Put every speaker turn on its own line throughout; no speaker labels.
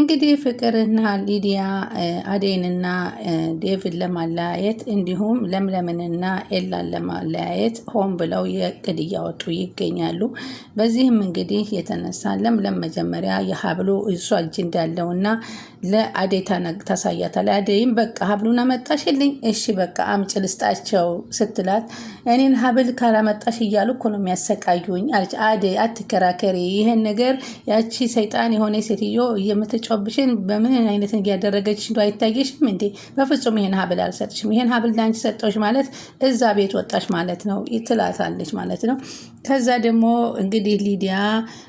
እንግዲህ ፍቅርና ሊዲያ አዴንና ዴቪድ ለማለያየት እንዲሁም ለምለምንና ኤላን ለማለያየት ሆን ብለው የእቅድ እያወጡ ይገኛሉ። በዚህም እንግዲህ የተነሳ ለምለም መጀመሪያ የሀብሉ እሷ እጅ እንዳለውና ለአዴ ታሳያታለች። አዴይም በቃ ሀብሉን አመጣሽልኝ፣ እሺ በቃ አምጪ ልስጣቸው ስትላት እኔን ሀብል ካላመጣሽ እያሉ እኮ ነው የሚያሰቃዩኝ አለች። አዴ አትከራከሪ፣ ይህን ነገር ያቺ ሰይጣን የሆነ ሴትዮ የምት ስትጮብሽን በምን አይነት ንግ ያደረገች እንደ አይታየሽም እንዴ? በፍጹም ይሄን ሀብል አልሰጥሽም። ይሄን ሀብል ዳንቺ ሰጠሁሽ ማለት እዛ ቤት ወጣሽ ማለት ነው ትላታለች ማለት ነው። ከዛ ደግሞ እንግዲህ ሊዲያ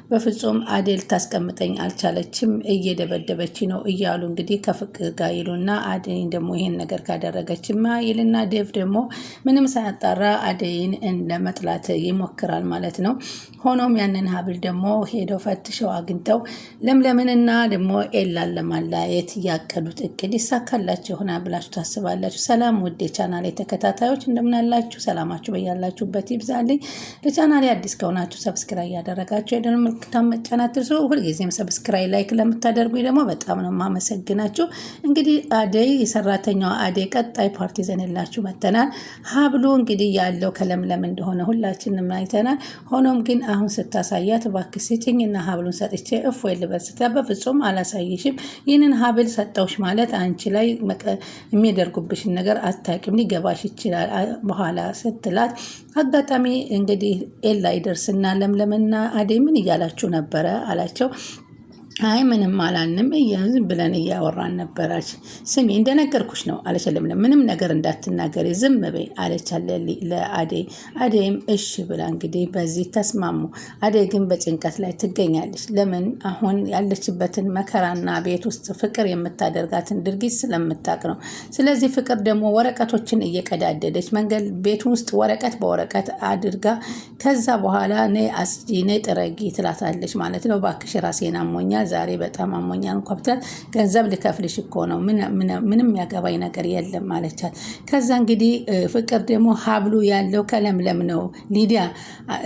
በፍጹም አዴል ታስቀምጠኝ አልቻለችም፣ እየደበደበች ነው እያሉ እንግዲህ ከፍቅር ጋር ይሉና አደይን ደግሞ ይሄን ነገር ካደረገችማ ይልና ዴቭ ደግሞ ምንም ሳያጣራ አደይን ለመጥላት ይሞክራል ማለት ነው። ሆኖም ያንን ሀብል ደግሞ ሄደው ፈትሸው አግኝተው ለምለምንና ደግሞ ኤላን ለማላየት እያቀዱት እቅድ ይሳካላቸው ይሆና ብላችሁ ታስባላችሁ? ሰላም ውድ የቻናሌ ተከታታዮች እንደምናላችሁ፣ ሰላማችሁ በያላችሁበት ይብዛልኝ። ለቻናሌ ለቻናል አዲስ ከሆናችሁ ሰብስክራይ ያደረጋችሁ የደወል ምልክቱን መጫን አትርሱ። ሁልጊዜም ሰብስክራይ፣ ላይክ ለምታደርጉ ደግሞ በጣም ነው የማመሰግናችሁ። እንግዲህ አደይ የሰራተኛዋ አደይ ቀጣይ ፓርቲ ዘንላችሁ መተናል። ሀብሉ እንግዲህ ያለው ከለምለም እንደሆነ ሁላችንም አይተናል። ሆኖም ግን አሁን ስታሳያት እባክሽ ስጭኝ እና ሀብሉን ሰጥቼ እፎ ልበስተ በፍጹም አላሳይሽም። ይህንን ሀብል ሰጠውሽ ማለት አንቺ ላይ የሚያደርጉብሽን ነገር አታውቂም፣ ሊገባሽ ይችላል በኋላ ስትላት አጋጣሚ እንግዲህ ላይ ላይደርስና ለምለምና አደይ ምን እያላችሁ ነበረ አላቸው። አይ ምንም አላልንም ዝም ብለን እያወራን ነበራች። ስሚ እንደነገርኩሽ ነው አለች ለምለም። ምንም ነገር እንዳትናገሪ ዝም በይ አለች ለአደይ። አደይም እሺ ብላ እንግዲህ በዚህ ተስማሙ። አደይ ግን በጭንቀት ላይ ትገኛለች። ለምን አሁን ያለችበትን መከራና ቤት ውስጥ ፍቅር የምታደርጋትን ድርጊት ስለምታቅ ነው። ስለዚህ ፍቅር ደግሞ ወረቀቶችን እየቀዳደደች መንገድ ቤት ውስጥ ወረቀት በወረቀት አድርጋ ከዛ በኋላ ነይ አጽጂ ነይ ጥረጊ ትላታለች ማለት ነው። እባክሽ ራሴን አሞኛል ዛሬ በጣም አሞኛል እንኳ ገንዘብ ልከፍልሽ እኮ ነው ምንም ያገባኝ ነገር የለም አለቻት። ከዛ እንግዲህ ፍቅር ደግሞ ሀብሉ ያለው ከለምለም ነው ሊዲያ፣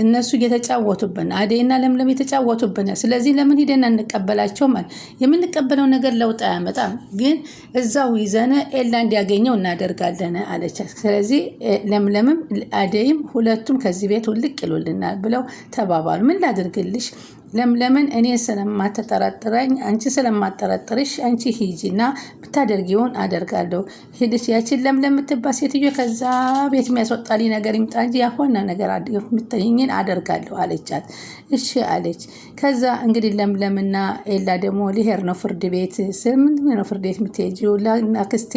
እነሱ እየተጫወቱብን አደይና ለምለም የተጫወቱብን፣ ስለዚህ ለምን ሂደን እንቀበላቸው? ማለት የምንቀበለው ነገር ለውጥ አያመጣም፣ ግን እዛው ይዘነ ኤላ እንዲያገኘው እናደርጋለን አለቻት። ስለዚህ ለምለምም አደይም ሁለቱም ከዚህ ቤት ውልቅ ይሉልናል ብለው ተባባሉ። ምን ላድርግልሽ ለምለምን እኔ ስለማትጠረጥረኝ አንቺ ስለማትጠረጥርሽ አንቺ ሂጂ ሂጂና ብታደርጊውን አደርጋለሁ። ሄደች ያችን ለምለም የምትባል ሴትዮ ከዛ ቤት የሚያስወጣልኝ ነገር ይምጣ እንጂ ያሆነ ነገር የምትይኝን አደርጋለሁ አለቻት። እሺ አለች። ከዛ እንግዲህ ለምለምና ኤላ ደግሞ ሊሄር ነው ፍርድ ቤት። ስምንት ነው ፍርድ ቤት የምትሄጂው? አክስቴ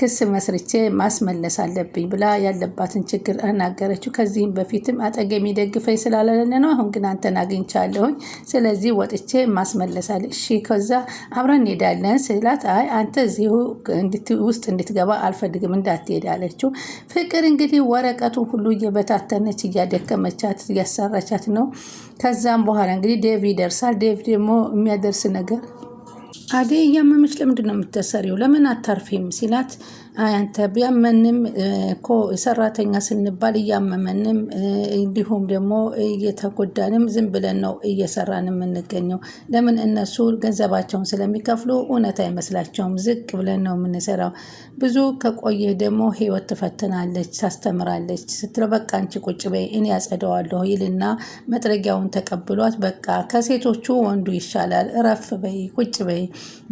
ክስ መስርቼ ማስመለስ አለብኝ ብላ ያለባትን ችግር አናገረችው። ከዚህም በፊትም አጠገ የሚደግፈኝ ስላለለ ነው። አሁን ግን አንተን አግኝቻለሁኝ፣ ስለዚህ ወጥቼ ማስመለሳል። እሺ ከዛ አብረን እንሄዳለን ስላት፣ አይ አንተ እዚሁ ውስጥ እንድትገባ አልፈልግም እንዳትሄድ አለችው። ፍቅር እንግዲህ ወረቀቱን ሁሉ እየበታተነች እያደከመቻት እያሰራቻት ነው። ከዛም በኋላ እንግዲህ ዴቭ ይደርሳል። ዴቭ ደግሞ የሚያደርስ ነገር አደይ እያመመች ለምንድን ነው የምትሰሪው? ለምን አታርፊም ሲላት አንተ ቢያመንም እኮ ሰራተኛ ስንባል እያመመንም እንዲሁም ደግሞ እየተጎዳንም ዝም ብለን ነው እየሰራን የምንገኘው። ለምን እነሱ ገንዘባቸውን ስለሚከፍሉ እውነት አይመስላቸውም። ዝቅ ብለን ነው የምንሰራው። ብዙ ከቆየ ደግሞ ህይወት ትፈትናለች፣ ታስተምራለች ስትለው በቃ አንቺ ቁጭ በይ እኔ ያጸደዋለሁ ይልና መጥረጊያውን ተቀብሏት በቃ ከሴቶቹ ወንዱ ይሻላል፣ እረፍ በይ ቁጭ በይ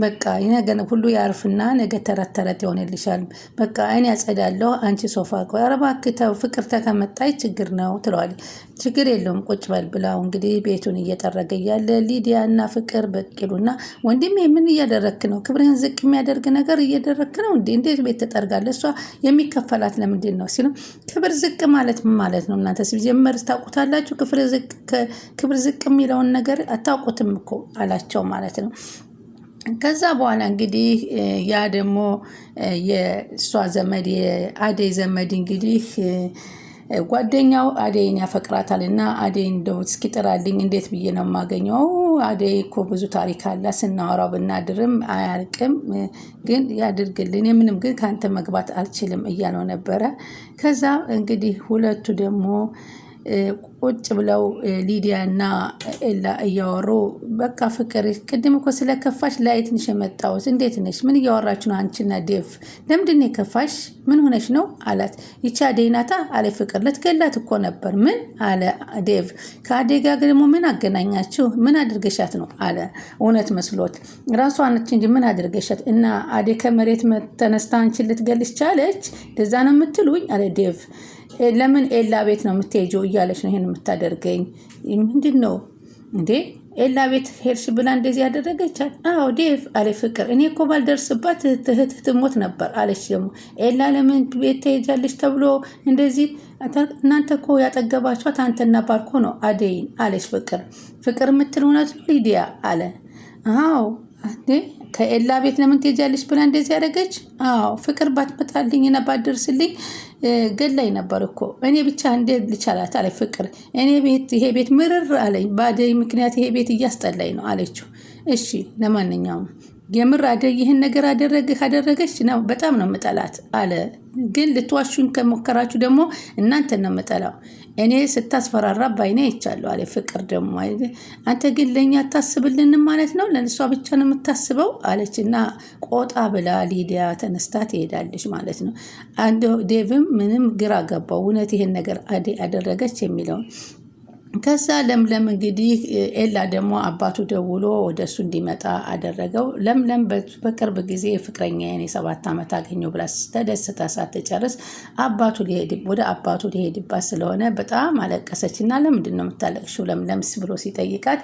በቃ ነገ ሁሉ ያርፍና ነገ ተረት ተረት ይሆንልሻል በቃ እኔ ያጸዳለሁ፣ አንቺ ሶፋ ቆይ። ኧረ እባክህ ተው፣ ፍቅርተ ችግር ነው ትለዋል። ችግር የለውም ቁጭ በል ብላው እንግዲህ ቤቱን እየጠረገ እያለ ሊዲያ እና ፍቅር ብቅ ይሉና ወንድሜ ምን እያደረክ ነው? ክብርህን ዝቅ የሚያደርግ ነገር እየደረክ ነው እንዴ? እንዴት ቤት ትጠርጋለህ? እሷ የሚከፈላት ለምንድን ነው ሲሉ ክብር ዝቅ ማለት ምን ማለት ነው? እናንተ ሲጀመር ታውቁታላችሁ። ክብር ዝቅ የሚለውን ነገር አታውቁትም እኮ አላቸው ማለት ነው። ከዛ በኋላ እንግዲህ ያ ደግሞ የእሷ ዘመድ የአደይ ዘመድ እንግዲህ ጓደኛው አደይን ያፈቅራታል እና አደይ እንደው እስኪጥራልኝ እንዴት ብዬ ነው የማገኘው? አደይ እኮ ብዙ ታሪክ አለ፣ ስናወራው ብናድርም አያልቅም። ግን ያድርግልን፣ የምንም ግን ከአንተ መግባት አልችልም እያለው ነበረ። ከዛ እንግዲህ ሁለቱ ደግሞ ቁጭ ብለው ሊዲያ እና ኤላ እያወሩ በቃ ፍቅር ቅድም እኮ ከፋሽ ላይ ትንሽ የመጣሁት እንዴት ነሽ? ምን እያወራች ነው? አንቺና ዴቭ ለምንድን ነው የከፋሽ? ምን ሆነሽ ነው አላት። ይቺ አደይ ናታ አለ ፍቅር። ልትገላት እኮ ነበር። ምን አለ ዴቭ። ከአደይ ጋር ደግሞ ምን አገናኛችሁ? ምን አድርገሻት ነው አለ። እውነት መስሎት ራሷ ነች እንጂ ምን አድርገሻት? እና አዴ ከመሬት ተነስታ አንቺን ልትገልሽ ቻለች? ደዛ ነው የምትሉኝ አለ ዴቭ ለምን ኤላ ቤት ነው የምትሄጂው እያለች ነው ይሄን የምታደርገኝ ምንድን ነው እንዴ? ኤላ ቤት ሄድሽ ብላ እንደዚህ ያደረገቻት? አዎ ዴቭ አለ ፍቅር። እኔ እኮ ባልደርስባት እህትህ ትሞት ነበር አለች። ደግሞ ኤላ ለምን ቤት ትሄጃለች ተብሎ እንደዚህ እናንተ እኮ ያጠገባችኋት አንተና ባርኮ ነው አደይን አለች ፍቅር። ፍቅር የምትል እውነት ሊዲያ አለ። አዎ ከኤላ ቤት ለምን ትሄጃለሽ ብላ እንደዚህ ያደረገች? አዎ ፍቅር ባትመጣልኝ እና ባትደርስልኝ ገላይ ነበር እኮ እኔ ብቻ እንደ ልቻላት አለ ፍቅር። እኔ ቤት ይሄ ቤት ምርር አለኝ፣ ባደይ ምክንያት ይሄ ቤት እያስጠላኝ ነው አለችው። እሺ ለማንኛውም የምር ይህን ነገር አደረገ ካደረገች ነው በጣም ነው የምጠላት አለ። ግን ልትዋሹኝ ከሞከራችሁ ደግሞ እናንተን ነው የምጠላው። እኔ ስታስፈራራ ባይኔ ይቻለሁ አለ። ፍቅር ደግሞ አንተ ግን ለእኛ አታስብልንም ማለት ነው፣ ለእሷ ብቻ ነው የምታስበው አለች እና ቆጣ ብላ ሊዲያ ተነስታ ትሄዳለች ማለት ነው። ዴቭም ምንም ግራ ገባው። እውነት ይህን ነገር አደረገች የሚለውን ከዛ ለምለም እንግዲህ ኤላ ደግሞ አባቱ ደውሎ ወደ እሱ እንዲመጣ አደረገው። ለምለም በቅርብ ጊዜ ፍቅረኛዬን የሰባት ዓመት አገኘው ብላ ተደስታ ሳትጨርስ አባቱ ወደ አባቱ ሊሄድባት ስለሆነ በጣም አለቀሰች እና ለምንድን ነው የምታለቅሽው ለምለምስ ብሎ ሲጠይቃት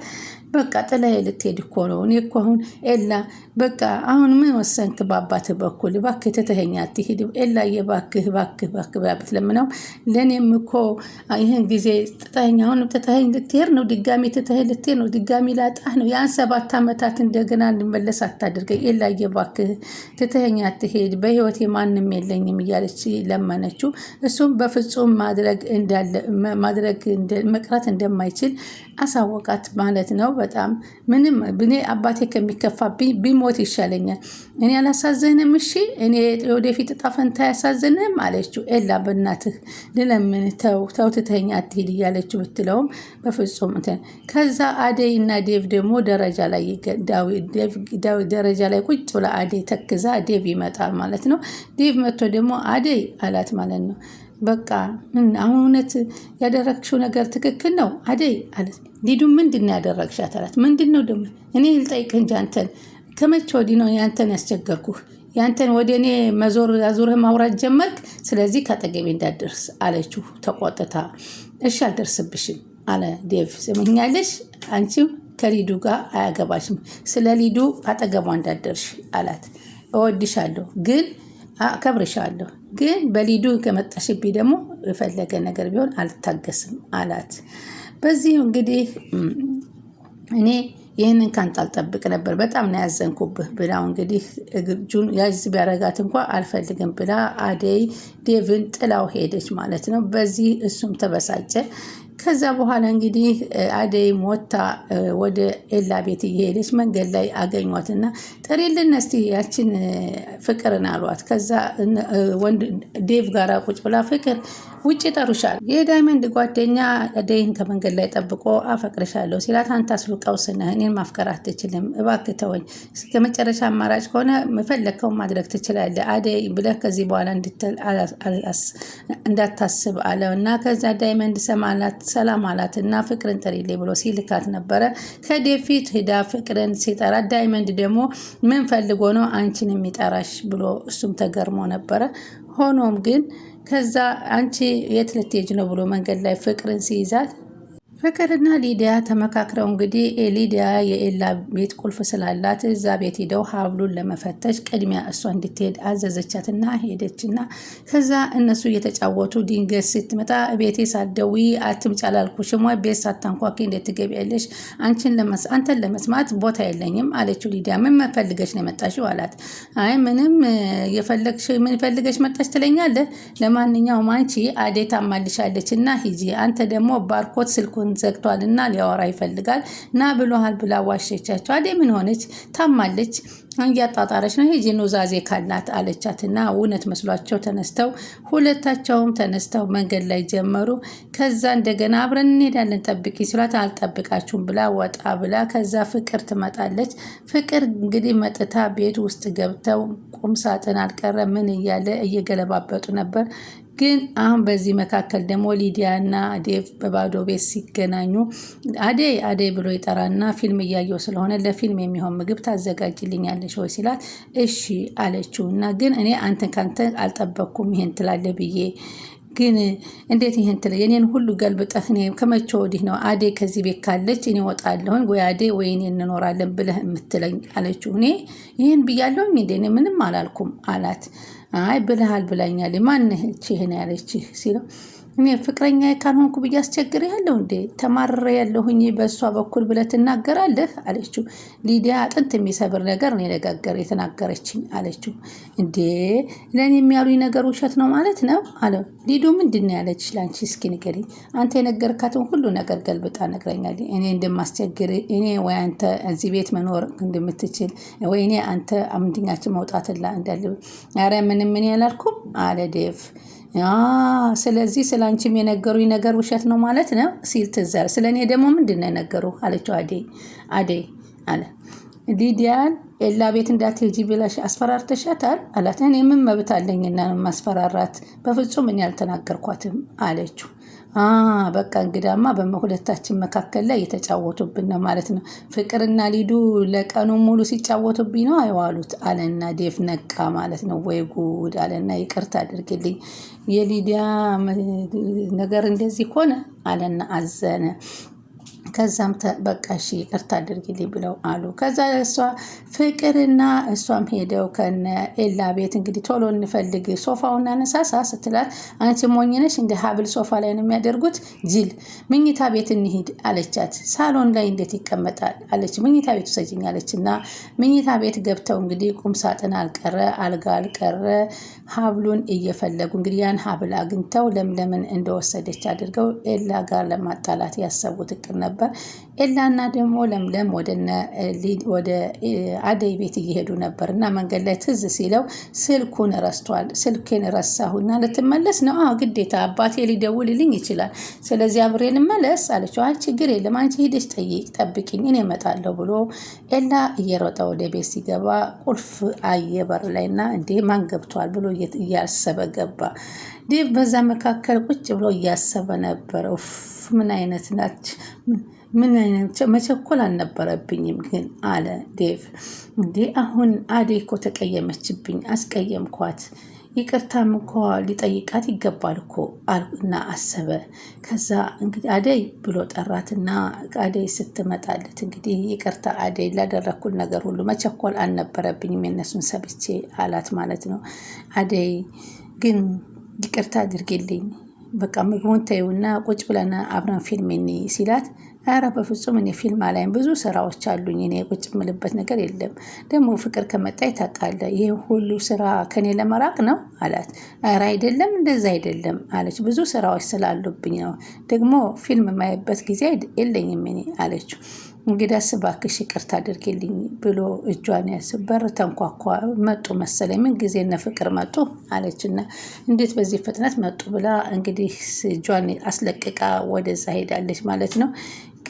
በቃ ጥላዬ ልትሄድ እኮ ነው። እኔ እኮ አሁን ኤላ በቃ አሁን ምን ወሰንክ በአባትህ በኩል እባክህ ትተኸኛ አትሂድ ኤላ እባክህ እባክህ እባክህ ብላ ብትለምነው ለእኔም እኮ ይህን ጊዜ ጥተኸኛ አሁን ትተኸኝ ልትሄድ ነው፣ ድጋሚ ትተኸኝ ልትሄድ ነው፣ ድጋሚ ላጣህ ነው። ያን ሰባት ዓመታት እንደገና እንድመለስ አታድርገኝ። ኤላዬ እባክህ ትተኸኝ አትሄድ፣ በህይወቴ ማንም የለኝም እያለች ለመነችው። እሱም በፍጹም ማድረግ እንዳለ ማድረግ መቅረት እንደማይችል አሳወቃት ማለት ነው። በጣም ምንም እኔ አባቴ ከሚከፋብኝ ቢሞት ይሻለኛል። እኔ አላሳዘንም። እሺ እኔ ወደፊት እጣ ፈንታ አያሳዝንም አለችው። ኤላ በእናትህ ልለምን፣ ተው ተው፣ ትተኸኝ አትሄድ እያለችው ብትለውም አይኖረውም በፍጹም እንትን። ከዛ አደይ እና ዴቭ ደግሞ ደረጃ ላይ ደረጃ ላይ ቁጭ ብላ አደይ ተክዛ ዴቭ ይመጣል ማለት ነው። ዴቭ መጥቶ ደግሞ አደይ አላት ማለት ነው። በቃ ምን አሁን እውነት ያደረግሽው ነገር ትክክል ነው አደይ አለት። ሊዱ ምንድን ነው ያደረግሻት አላት። ምንድን ነው ደግሞ እኔ ልጠይቅህ እንጂ አንተን ከመቼ ወዲህ ነው ያንተን ያስቸገርኩህ? ያንተን ወደ እኔ መዞር አዙርህ ማውራት ጀመርክ። ስለዚህ ከአጠገቤ እንዳደርስ አለችው ተቆጥታ። እሺ አልደርስብሽም አለ ዴቭ። ስምኛለሽ አንቺም ከሊዱ ጋር አያገባሽም። ስለ ሊዱ አጠገቧ እንዳደርሽ አላት። እወድሻለሁ ግን አከብርሻለሁ ግን በሊዱ ከመጣሽብኝ ደግሞ የፈለገ ነገር ቢሆን አልታገስም አላት። በዚህ እንግዲህ እኔ ይህንን ካንተ አልጠብቅ ነበር በጣም ነው ያዘንኩብህ ብላው እንግዲህ እጁን ያዝ ቢያረጋት እንኳ አልፈልግም ብላ አደይ ዴቭን ጥላው ሄደች ማለት ነው። በዚህ እሱም ተበሳጨ። ከዛ በኋላ እንግዲህ አደይ ሞታ ወደ ኤላ ቤት እየሄደች መንገድ ላይ አገኟትና ጥሪልን እስቲ ያችን ፍቅርን አሏት። ከዛ ወንድ ዴቭ ጋር ቁጭ ብላ ፍቅር ውጭ ጠሩሻል። የዳይመንድ ጓደኛ አደይን ከመንገድ ላይ ጠብቆ አፈቅርሻለሁ ሲላት አንተ አስሉ ቀውስ ነህ፣ እኔን ማፍቀር አትችልም፣ እባክህ ተወኝ፣ ከመጨረሻ አማራጭ ከሆነ የፈለግከውን ማድረግ ትችላለህ፣ አደይ ብለህ ከዚህ በኋላ እንዳታስብ አለው እና ከዛ ዳይመንድ ሰማላት ሰላም አላትና ፍቅርን ጥሪሌ ብሎ ሲልካት ነበረ። ከዴቭ ፊት ሂዳ ፍቅርን ሲጠራ ዳይመንድ ደግሞ ምን ፈልጎ ነው አንቺን የሚጠራሽ ብሎ እሱም ተገርሞ ነበረ። ሆኖም ግን ከዛ አንቺ የት ልትሄጂ ነው ብሎ መንገድ ላይ ፍቅርን ሲይዛት ፍቅርና ሊዲያ ተመካክረው እንግዲህ ሊዲያ የኤላ ቤት ቁልፍ ስላላት እዛ ቤት ሂደው ሀብሉን ለመፈተሽ ቅድሚያ እሷ እንድትሄድ አዘዘቻትና ሄደችና ከዛ እነሱ እየተጫወቱ ድንገት ስትመጣ ቤቴ ሳደዊ አትምጪ አላልኩሽም ወይ? ቤት ሳታንኳኪ እንዴት ትገቢያለሽ? አንተን ለመስማት ቦታ የለኝም አለችው ሊዲያ። ምን መፈልገሽ ነው የመጣሽው? አላት። አይ ምንም የፈለግሽ ምን ፈልገሽ መጣሽ ትለኛለህ። ለማንኛውም አንቺ አዴ ታማልሻለች እና ሂጂ። አንተ ደግሞ ባርኮት ስልኩን ስልኩን ዘግቷል እና ሊያወራ ይፈልጋል ና ብሎሃል ብላ ዋሸቻቸው። አዴ ምን ሆነች? ታማለች እያጣጣረች ነው። ሄጂ ኑዛዜ ካላት እና እውነት መስሏቸው ተነስተው ሁለታቸውም ተነስተው መንገድ ላይ ጀመሩ። ከዛ እንደገና አብረን እንሄዳለን ጠብቂ ሲሏት አልጠብቃችሁም ብላ ወጣ ብላ ከዛ ፍቅር ትመጣለች። ፍቅር እንግዲህ መጥታ ቤት ውስጥ ገብተው ቁም ሳጥን አልቀረ ምን እያለ እየገለባበጡ ነበር። ግን አሁን በዚህ መካከል ደግሞ ሊዲያ እና አዴቭ በባዶ ቤት ሲገናኙ አዴ አዴ ብሎ ይጠራና ፊልም እያየው ስለሆነ ለፊልም የሚሆን ምግብ ታዘጋጅልኛለች ወይ ሲላት እሺ አለችው እና ግን እኔ አንተን ካንተ አልጠበቅኩም ይሄን ትላለ ብዬ ግን እንዴት ይህን ትለ የኔን ሁሉ ገልብጠህ እኔ ከመቼ ወዲህ ነው አዴ ከዚህ ቤት ካለች እኔ ወጣለሁኝ ወይ አዴ ወይ እኔ እንኖራለን ብለህ የምትለኝ አለችው እኔ ይህን ብያለሁኝ እንዴ ምንም አላልኩም አላት አይ ብልሃል ብላኛል ማነች ይሄን ያለችህ ሲለው እኔ ፍቅረኛ ካልሆንኩ ብዬ አስቸግር ያለው እንዴ ተማረ ያለሁኝ በእሷ በኩል ብለህ ትናገራለህ አለችው። ሊዲያ አጥንት የሚሰብር ነገር ነው የነጋገር የተናገረችኝ አለችው። እንዴ ለእኔ የሚያሉኝ ነገር ውሸት ነው ማለት ነው አለ ሊዱ ምንድን ነው ያለች ለአንቺ እስኪ ንገሪኝ። አንተ የነገርካትን ሁሉ ነገር ገልብጣ ነግረኛል። እኔ እንደማስቸግር እኔ ወይ አንተ እዚህ ቤት መኖር እንደምትችል ወይ እኔ አንተ አምድኛችን መውጣትላ እንዳለ ኧረ ምንም ምን ያላልኩም አለ ዴቭ ስለዚህ ስለ አንቺም የነገሩኝ ነገር ውሸት ነው ማለት ነው ሲል ትዛር ስለ እኔ ደግሞ ምንድን ነው የነገሩ አለችው። አዴ አዴ አለ ሊዲያን ኤላ ቤት እንዳትሄጂ ብለሽ አስፈራርተሻታል አላት። እኔ ምን መብት አለኝና ማስፈራራት? በፍጹም እኔ አልተናገርኳትም አለችው። በቃ እንግዳማ በሁለታችን መካከል ላይ የተጫወቱብን ነው ማለት ነው። ፍቅርና ሊዱ ለቀኑ ሙሉ ሲጫወቱብኝ ነው አይዋሉት አለና ዴፍ ነቃ ማለት ነው። ወይ ጉድ አለና ይቅርታ አድርግልኝ የሊዲያ ነገር እንደዚህ ከሆነ አለና አዘነ። ከዛም በቃ እሺ ይቅርታ አድርጊልኝ ብለው አሉ። ከዛ እሷ ፍቅርና እሷም ሄደው ከነ ኤላ ቤት እንግዲህ ቶሎ እንፈልግ ሶፋውን አነሳሳ ስትላት አንቺ ሞኝ እንደ ሀብል ሶፋ ላይ ነው የሚያደርጉት ጅል፣ ምኝታ ቤት እንሂድ አለቻት። ሳሎን ላይ እንዴት ይቀመጣል አለች። ምኝታ ቤት ውሰጅኝ አለች። እና ምኝታ ቤት ገብተው እንግዲህ ቁምሳጥን አልቀረ አልጋ አልቀረ ሀብሉን እየፈለጉ እንግዲህ ያን ሀብል አግኝተው ለምለምን እንደወሰደች አድርገው ኤላ ጋር ለማጣላት ያሰቡት እቅድ ነበር። ኤላና ደግሞ ለምለም ወደ አደይ ቤት እየሄዱ ነበር እና መንገድ ላይ ትዝ ሲለው ስልኩን ረስቷል። ስልኬን ረሳሁና ልትመለስ ነው? አዎ ግዴታ አባቴ ሊደውልልኝ ይችላል። ስለዚህ አብሬ ልመለስ አለችው። አይ ችግር የለም አንቺ ሂደሽ ጠይቅ ጠብቅኝ፣ እኔ እመጣለሁ ብሎ ኤላ እየሮጠ ወደ ቤት ሲገባ ቁልፍ አየ በር ላይ እና እንዴ ማን ገብቷል ብሎ እያሰበ ገባ። በዛ መካከል ቁጭ ብሎ እያሰበ ነበር። ምን አይነት ናች ምን አይነት መቸኮል አልነበረብኝም ግን አለ ዴቭ። እንዴ አሁን አዴ እኮ ተቀየመችብኝ፣ አስቀየምኳት ይቅርታም እኮ ሊጠይቃት ይገባል እኮ እና አሰበ። ከዛ እንግዲህ አደይ ብሎ ጠራትና አደይ ስትመጣለት እንግዲህ ይቅርታ አደይ ላደረግኩት ነገር ሁሉ መቸኮል አልነበረብኝም የነሱን ሰብቼ አላት ማለት ነው። አደይ ግን ይቅርታ አድርጌልኝ በቃ ምግቡን ተይውና ቁጭ ብለና አብረን ፊልም ሲላት ኧረ በፍጹም እኔ ፊልም አላይም፣ ብዙ ስራዎች አሉኝ፣ እኔ ቁጭ የምልበት ነገር የለም። ደግሞ ፍቅር ከመጣ ታውቃለህ፣ ይህ ሁሉ ስራ ከኔ ለመራቅ ነው አላት። ኧረ አይደለም፣ እንደዛ አይደለም አለች። ብዙ ስራዎች ስላሉብኝ ነው፣ ደግሞ ፊልም የማይበት ጊዜ የለኝም እኔ አለችው። እንግዲያስ እባክሽ ይቅርታ አድርጊልኝ ብሎ እጇን ያዝ። በር ተንኳኳ። መጡ መሰለኝ። ምን ጊዜ እነ ፍቅር መጡ አለችና እንዴት በዚህ ፍጥነት መጡ ብላ እንግዲህ እጇን አስለቅቃ ወደዛ ሄዳለች ማለት ነው።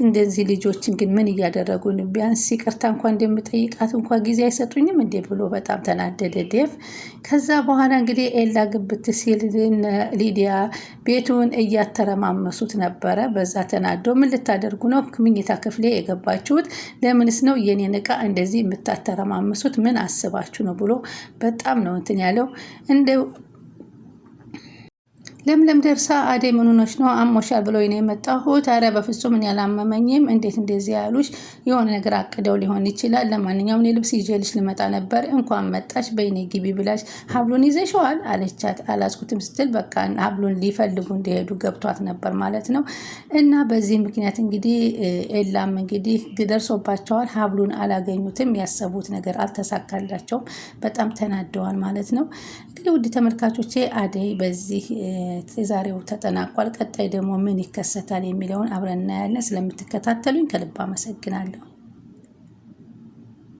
እንደዚህ ልጆችን ግን ምን እያደረጉን ቢያንስ ይቅርታ እንኳ እንደምጠይቃት እንኳ ጊዜ አይሰጡኝም እንዴ ብሎ በጣም ተናደደ ዴቭ። ከዛ በኋላ እንግዲህ ኤላ ግብት ሲል ሊዲያ ቤቱን እያተረማመሱት ነበረ። በዛ ተናዶ ምን ልታደርጉ ነው ምኝታ ክፍሌ የገባችሁት? ለምንስ ነው የኔን እቃ እንደዚህ የምታተረማመሱት ምን አስባችሁ ነው ብሎ በጣም ነው እንትን ያለው እንደ ለምለም ደርሳ አዴ ምን ሆነሽ ነው አሞሻል ብሎ ነው የመጣሁት። ኧረ በፍጹም እኔ አላመመኝም። እንዴት እንደዚህ ያሉሽ? የሆነ ነገር አቅደው ሊሆን ይችላል። ለማንኛውም እኔ ልብስ ይዤልሽ ልመጣ ነበር። እንኳን መጣሽ፣ በይኔ ግቢ ብላሽ ሀብሉን ይዘሸዋል አለቻት። አላስኩትም ስትል በቃ ሀብሉን ሊፈልጉ እንደሄዱ ገብቷት ነበር ማለት ነው። እና በዚህ ምክንያት እንግዲህ ኤላም እንግዲህ ደርሶባቸዋል። ሀብሉን አላገኙትም። ያሰቡት ነገር አልተሳካላቸውም። በጣም ተናደዋል ማለት ነው። እንግዲህ ውድ ተመልካቾቼ አደይ በዚህ የዛሬው ተጠናቋል። ቀጣይ ደግሞ ምን ይከሰታል የሚለውን አብረን እናያለን። ስለምትከታተሉኝ ከልብ አመሰግናለሁ።